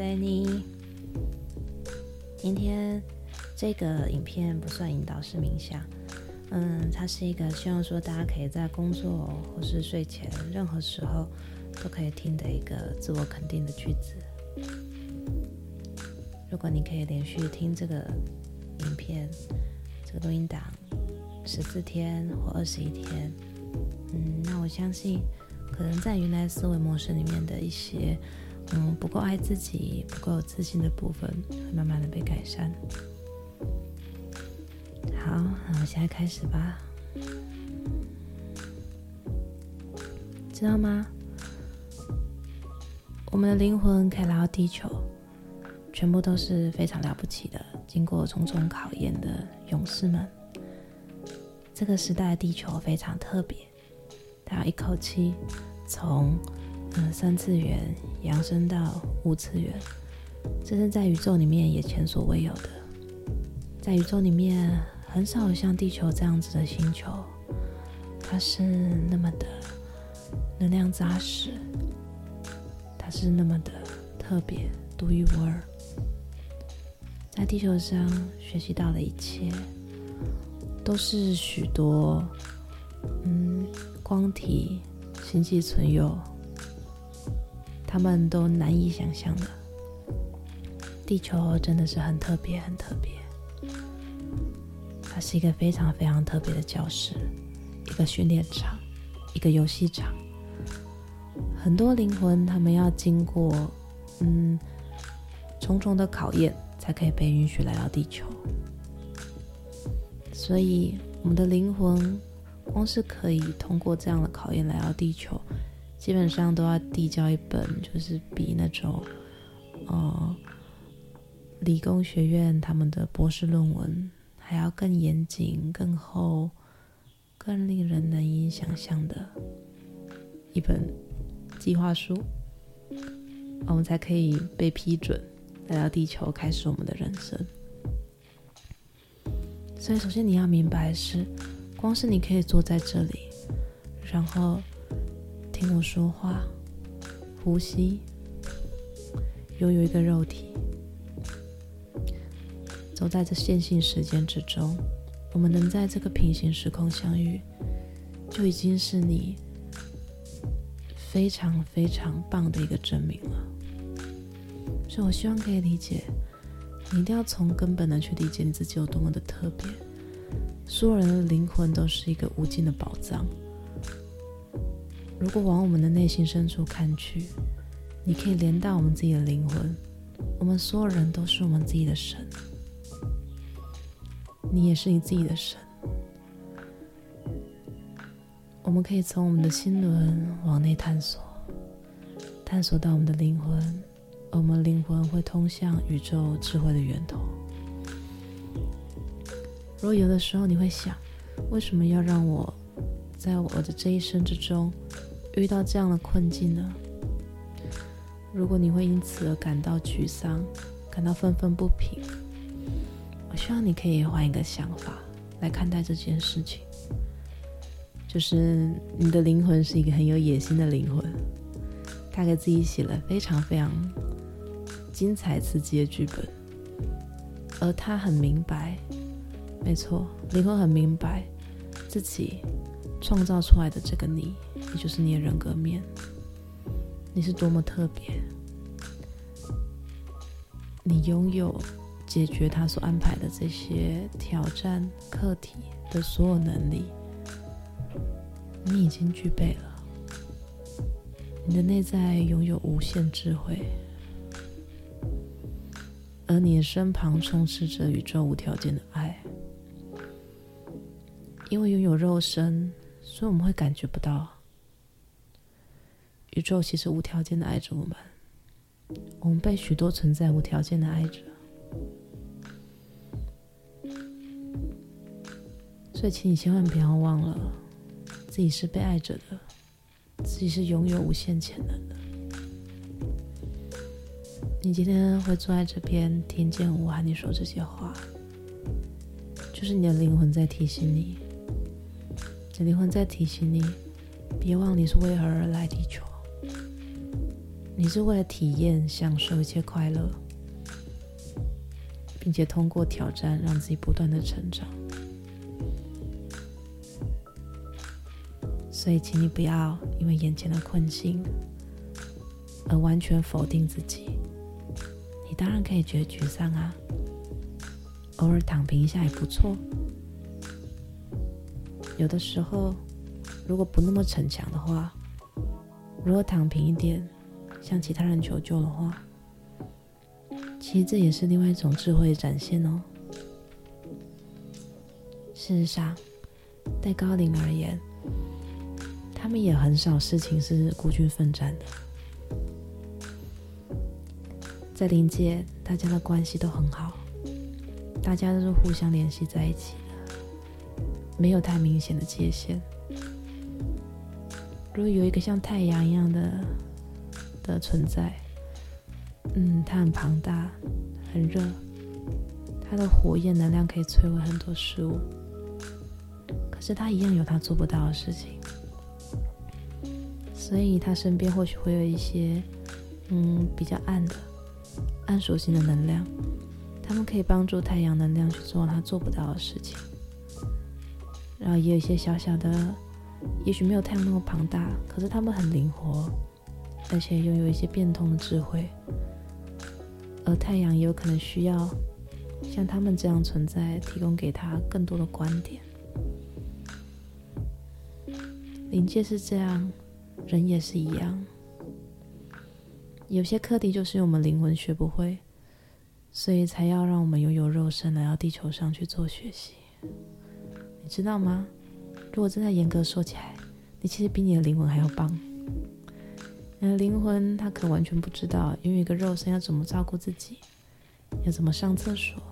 對你，Annie，今天這個影片不算引導式冥想，嗯，它是一個希望說大家可以在工作或是睡前任何時候都可以聽的一個自我肯定的句子。如果你可以連續聽這個影片，這個錄音檔十四天或二十一天，嗯，那我相信可能在原來思維模式裡面的一些。嗯，不夠愛自己、不夠自信的部分，會慢慢的被改善。好，那我們現在開始吧，知道嗎？我們的靈魂可以來到地球，全部都是非常了不起的，經過重重考驗的勇士們。這個時代的地球非常特別，他要一口氣從。嗯，三次元揚升到五次元，這是在宇宙裡面也前所未有的。在宇宙裡面，很少有像地球這樣子的星球，它是那麼的能量扎實，它是那麼的特別、獨一無二。在地球上學習到的一切，都是許多嗯光體星際存有，他們都難以想象的，地球真的是很特別，很特別。它是一個非常非常特別的教室，一個訓練場，一個遊戲場。很多靈魂他們要經過嗯重重的考驗，才可以被允許來到地球。所以，我們的靈魂光是可以通過這樣的考驗來到地球。基本上都要遞交一本，就是比那種，呃，理工學院他們的博士論文還要更嚴謹、更厚、更厚、更令人難以想象的一本計劃書，我們才可以被批准來到地球，開始我們的人生。所以，首先你要明白是，光是你可以坐在這裡，然後。聽我說話，呼吸，擁有一個肉體，走在這線性時間之中，我們能在這個平行時空相遇，就已經是你非常非常棒的一個證明了。所以我希望可以理解，你一定要從根本的去理解你自己有多麼的特別。所有人的靈魂都是一個無盡的寶藏。如果往我們的內心深處看去，你可以連到我們自己的靈魂。我們所有人都是我們自己的神，你也是你自己的神。我們可以從我們的心輪往內探索，探索到我們的靈魂，而我們的靈魂會通向宇宙智慧的源頭。如果有的時候你會想，為什麼要讓我在我的這一生之中，遇到這樣的困境呢？如果你會因此而感到沮喪、感到憤憤不平，我希望你可以換一個想法來看待這件事情。就是你的靈魂是一個很有野心的靈魂，他給自己寫了非常非常精彩刺激的劇本，而他很明白，沒錯，靈魂很明白自己創造出來的這個你。也就是你的人格面，你是多麼特別！你擁有解決他所安排的這些挑戰課題的所有能力，你已經具備了。你的內在擁有無限智慧，而你的身旁充斥着宇宙無條件的愛。因為擁有肉身，所以我們會感覺不到。宇宙其實無條件的愛着我們，我們被許多存在無條件的愛着，所以，請你千萬不要忘了，自己是被愛着的，自己是擁有無限潛能的。你今天會坐在這邊，聽見我和你說這些話，就是你的靈魂在提醒你，你的靈魂在提醒你，別忘你是為何而而來地球。你是為了體驗、享受一些快樂，並且通過挑戰讓自己不斷的成長。所以，請你不要因為眼前的困境而完全否定自己。你當然可以覺得沮喪啊，偶爾躺平一下也不錯。有的時候，如果不那麼逞強的話，如果躺平一點。向其他人求救的話，其實這也是另外一種智慧的展現哦。事實上，對高靈而言，他們也很少事情是孤軍奮戰的。在靈界，大家的關係都很好，大家都是互相聯繫在一起的，沒有太明顯的界限。如果有一個像太陽一樣的，的存在，嗯，它很龐大，很熱，它的火焰能量可以摧毀很多事物。可是它一樣有它做不到的事情，所以它身邊或許會有一些，嗯，比較暗的暗屬性的能量，它們可以幫助太陽能量去做它做不到的事情。然後也有一些小小的，也許沒有太陽那麼龐大，可是它們很靈活。而且擁有一些變通的智慧，而太陽也有可能需要像他們這樣存在，提供給他更多的觀點。靈界是這樣，人也是一樣。有些課題就是用我們靈魂學不會，所以才要讓我們擁有肉身來到地球上去做學習。你知道嗎？如果真的嚴格說起來，你其實比你的靈魂還要棒。那靈魂，他可完全不知道，擁有一個肉身要怎麼照顧自己，要怎麼上廁所，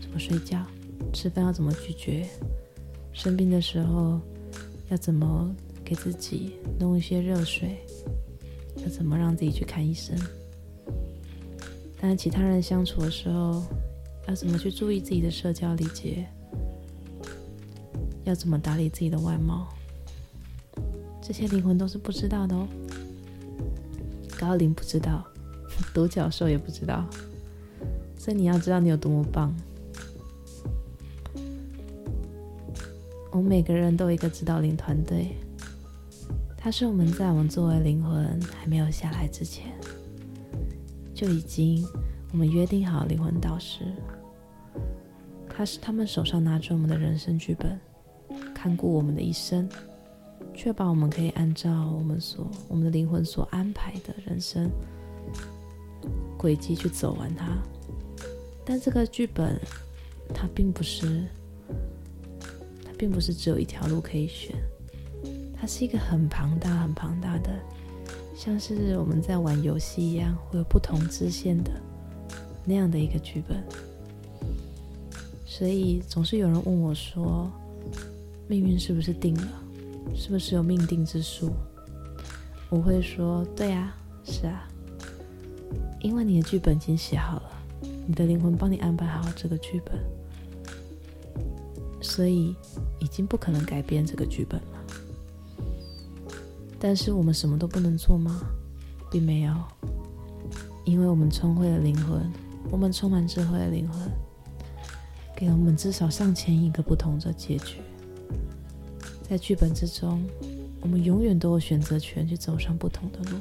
怎麼睡覺，吃飯要怎麼咀嚼，生病的時候要怎麼給自己弄一些熱水，要怎麼讓自己去看醫生，但是其他人相處的時候，要怎麼去注意自己的社交禮節，要怎麼打理自己的外貌，這些靈魂都是不知道的哦。高靈不知道，獨角獸也不知道，所以你要知道你有多麼棒。我們每個人都有一個指導靈團隊，他是我們在我們作為靈魂還沒有下來之前，就已經我們約定好靈魂導師，他是他們手上拿着我們的人生劇本，看顧我們的一生。確保我們可以按照我們所、我們的靈魂所安排的人生軌跡去走完它，但這個劇本它並不是，它並不是只有一條路可以選，它是一個很龐大、很龐大的，像是我們在玩遊戲一樣，會有不同支線的那樣的一個劇本。所以總是有人問我說：“命運是不是定了？”是不是有命定之數？我會說，對啊，是啊，因為你的劇本已經寫好了，你的靈魂幫你安排好這個劇本，所以已經不可能改變這個劇本了。但是我們什麼都不能做嗎？並沒有，因為我們聰慧的靈魂，我們充滿智慧的靈魂，給我們至少上千億個不同的結局。在劇本之中，我們永遠都有選擇權去走上不同的路。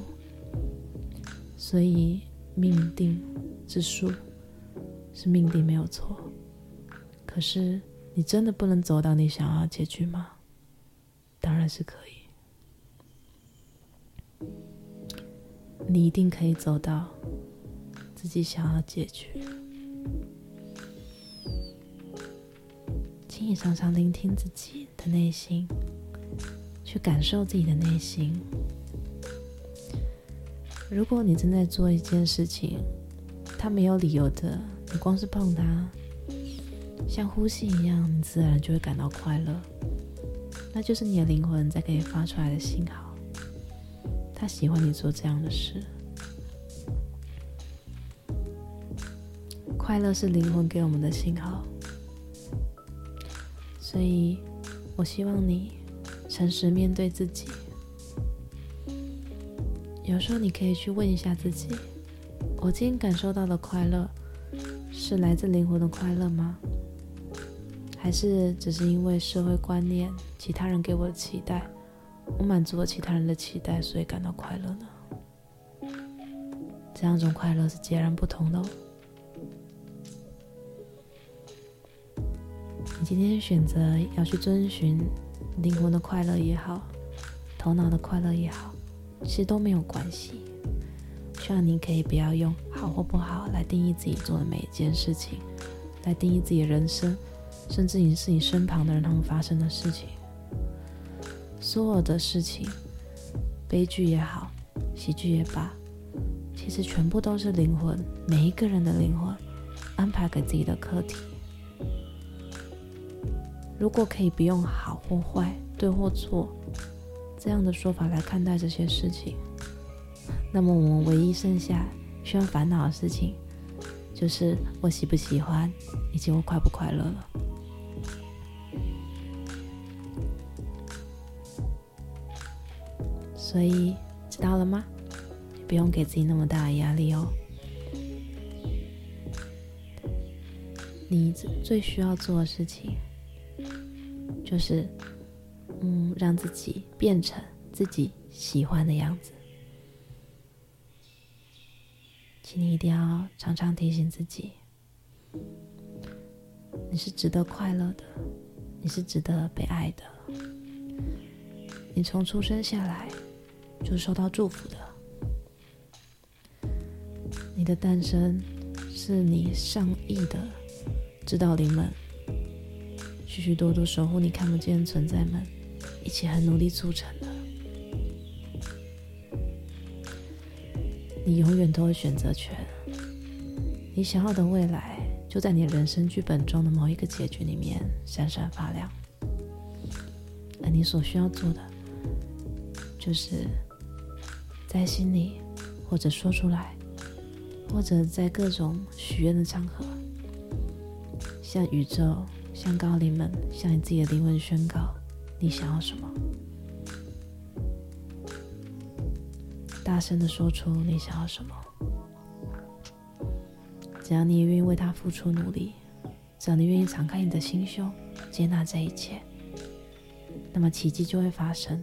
所以命定之數是命定沒有錯，可是你真的不能走到你想要的結局嗎？當然是可以，你一定可以走到自己想要的結局。請你常常聆聽自己的內心，去感受自己的內心。如果你正在做一件事情，它沒有理由的，你光是碰它，像呼吸一樣，你自然就會感到快樂。那就是你的靈魂在給你發出來的信號，他喜歡你做這樣的事。快樂是靈魂給我們的信號。所以，我希望你誠實面對自己。有時候，你可以去問一下自己：我今天感受到的快樂，是來自靈魂的快樂嗎？還是只是因為社會觀念、其他人給我的期待，我滿足了其他人的期待，所以感到快樂呢？這兩種快樂是截然不同的哦。今天選擇要去遵循靈魂的快樂也好，頭腦的快樂也好，其實都沒有關係。希望你可以不要用好或不好來定義自己做的每一件事情，來定義自己的人生，甚至於是你身旁的人他們發生的事情。所有的事情，悲劇也好，喜劇也罷，其實全部都是靈魂，每一個人的靈魂，安排給自己的課題。如果可以不用好或壞、對或錯這樣的說法來看待這些事情，那麼我們唯一剩下需要煩惱的事情，就是我喜不喜歡以及我快不快樂了。所以，知道了嗎？不用給自己那麼大的壓力哦。你最需要做的事情。就是，嗯，讓自己變成自己喜歡的樣子。請你一定要常常提醒自己，你是值得快樂的，你是值得被愛的，你從出生下來就受到祝福的，你的誕生是你上億的指導靈們。許許多多守護你看不見的存在們，一起很努力組成的。你永遠都有選擇權，你想要的未來就在你人生劇本中的某一個結局裡面閃閃發亮。而你所需要做的，就是在心裡，或者說出來，或者在各種許願的場合，向宇宙。向高靈們，向你自己的靈魂宣告，你想要什麼？大聲的說出你想要什麼。只要你願意為他付出努力，只要你願意敞開你的心胸，接納這一切，那麼奇蹟就會發生。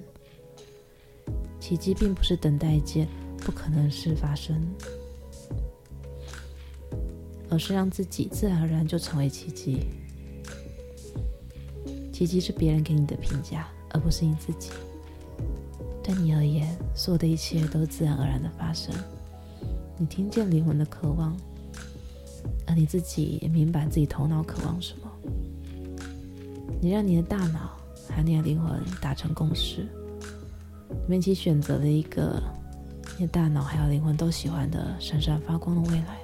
奇蹟並不是等待一件不可能事發生，而是讓自己自然而然就成為奇蹟。奇蹟是別人給你的評價，而不是你自己。對你而言，所有的一切都是自然而然的發生。你聽見靈魂的渴望，而你自己也明白自己頭腦渴望什麼。你讓你的大腦和你的靈魂達成共識，你們一起選擇了一個你的大腦還有靈魂都喜歡的閃閃發光的未來，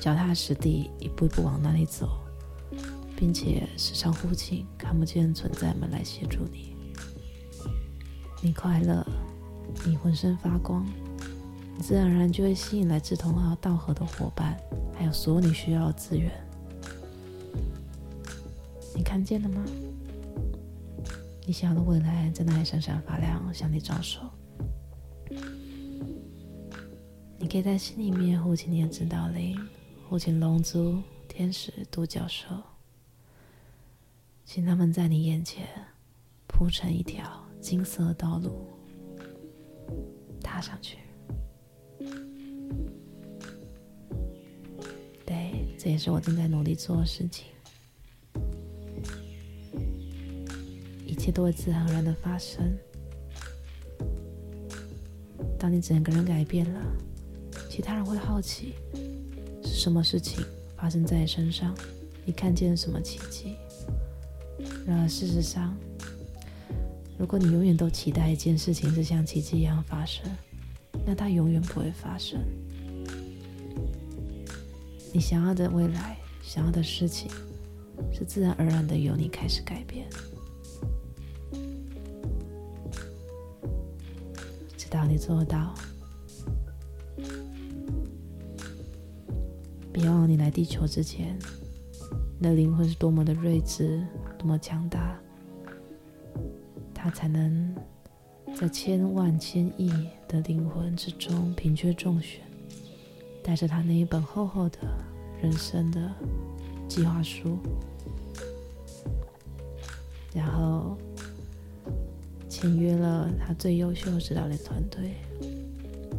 腳踏實地，一步一步往那裡走。並且時常呼請看不見存在們來協助你。你快樂，你渾身發光，你自然而然就會吸引來志同道合的夥伴，還有所有你需要的資源。你看見了嗎？你想要的未來在那裡閃閃發亮，向你招手。你可以在心裡面呼請你的指導靈，呼請龍族、天使、獨角獸。請他們在你眼前鋪成一條金色的道路，踏上去。對，這也是我正在努力做的事情。一切都會自然而然地發生。當你整個人改變了，其他人會好奇是什麼事情發生在你身上，你看見了什麼奇蹟。然而，事實上，如果你永遠都期待一件事情是像奇蹟一樣發生，那它永遠不會發生。你想要的未來，想要的事情，是自然而然的由你開始改變，直到你做到。別忘了，你來地球之前，你的靈魂是多麼的睿智。這麼強大，他才能在千萬千億的靈魂之中憑卻中選，帶着他那一本厚厚的人生的計劃書，然後簽約了他最優秀的指導的團隊，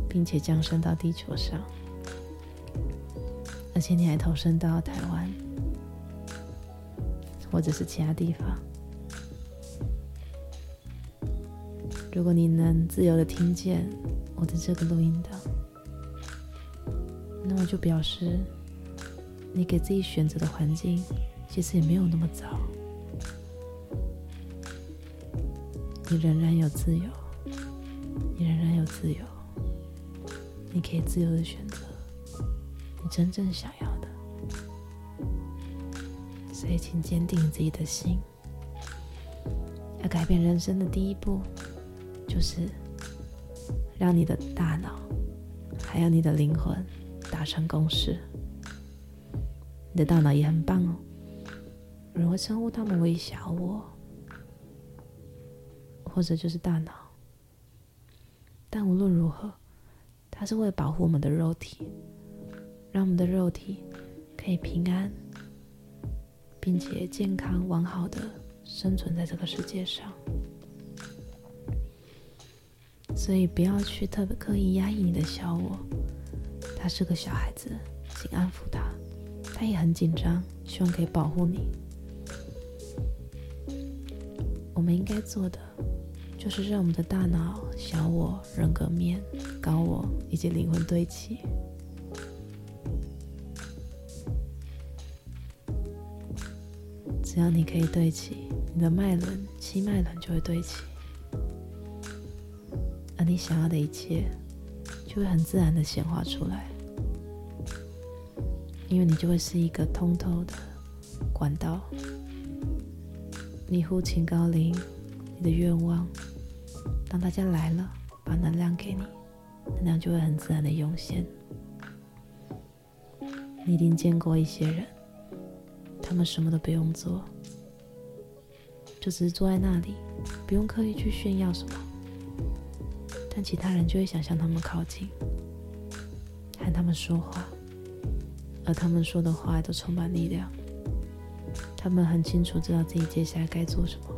並且降生到地球上，而且你還投身到台灣。或者是其他地方，如果你能自由的聽見我的這個錄音檔，那我就表示你給自己選擇的環境其實也沒有那麼糟，你仍然有自由，你仍然有自由，你可以自由的選擇你真正想要。所以，請堅定自己的心。要改變人生的第一步，就是讓你的大腦，還有你的靈魂達成共識。你的大腦也很棒哦，人會稱呼他們為小我、哦，或者就是大腦。但無論如何，它是為了保護我們的肉體，讓我們的肉體可以平安。並且健康完好的生存在這個世界上，所以不要去特別刻意壓抑你的小我，他是個小孩子，請安撫他，他也很緊張，希望可以保護你。我們應該做的，就是讓我們的大腦、小我、人格面、高我以及靈魂堆砌。只要你可以對齊你的脈輪，七脈輪就會對齊，而你想要的一切就會很自然的顯化出來，因為你就會是一個通透的管道。你呼請高靈，你的願望，當大家來了，把能量給你，能量就會很自然的湧現。你一定見過一些人，他們什麼都不用做。就只是坐在那裡，不用刻意去炫耀什麼，但其他人就會想向他們靠近，和他們說話，而他們說的話都充滿力量。他們很清楚知道自己接下來該做什麼。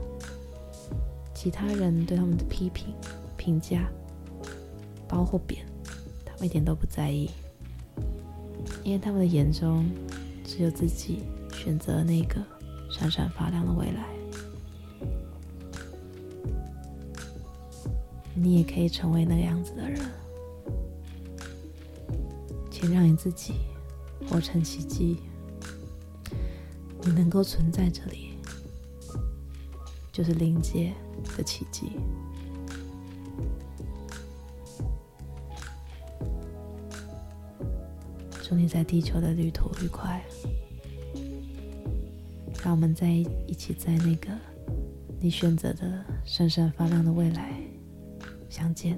其他人對他們的批評、評價，褒或貶，他們一點都不在意，因為他們的眼中只有自己選擇了那個閃閃發亮的未來。你也可以成為那個樣子的人，請讓你自己活成奇蹟。你能夠存在這裡，就是臨界的奇蹟。祝你在地球的旅途愉快！讓我們在一一起在那個你選擇的閃閃發亮的未來。相見。